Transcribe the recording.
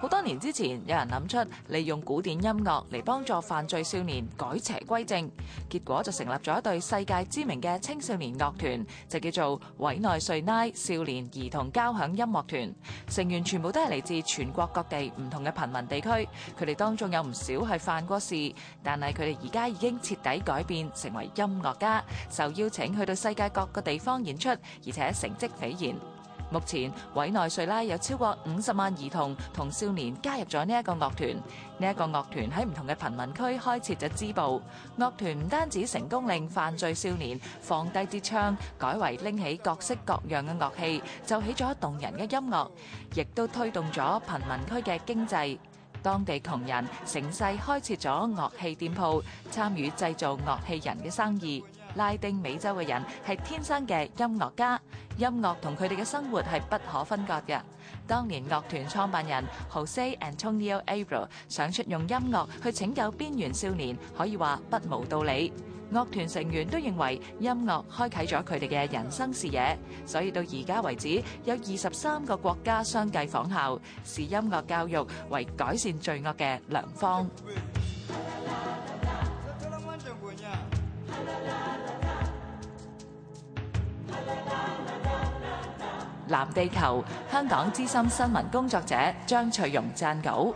好多年之前，有人諗出利用古典音樂嚟幫助犯罪少年改邪歸正，結果就成立咗一隊世界知名嘅青少年樂團，就叫做委內瑞拉少年兒童交響音樂團。成員全部都係嚟自全國各地唔同嘅貧民地區，佢哋當中有唔少係犯過事，但係佢哋而家已經徹底改變，成為音樂家，受邀請去到世界各個地方演出，而且成績斐然。目前委內瑞拉有超過五十萬兒童同少年加入咗呢一個樂團，呢一個樂團喺唔同嘅貧民區開設咗支部。樂團唔單止成功令犯罪少年放低支槍，改為拎起各式各樣嘅樂器，奏起咗動人嘅音樂，亦都推動咗貧民區嘅經濟。當地窮人成世開設咗樂器店鋪，參與製造樂器人嘅生意。拉丁美洲嘅人係天生嘅音樂家，音樂同佢哋嘅生活係不可分割嘅。當年樂團創辦人 Jose Antonio Abreu 想出用音樂去拯救邊緣少年，可以話不無道理。樂團成員都認為音樂開啟咗佢哋嘅人生視野，所以到而家為止，有二十三個國家相繼仿效，視音樂教育為改善罪惡嘅良方。藍地球，香港資深新聞工作者張翠容撰稿。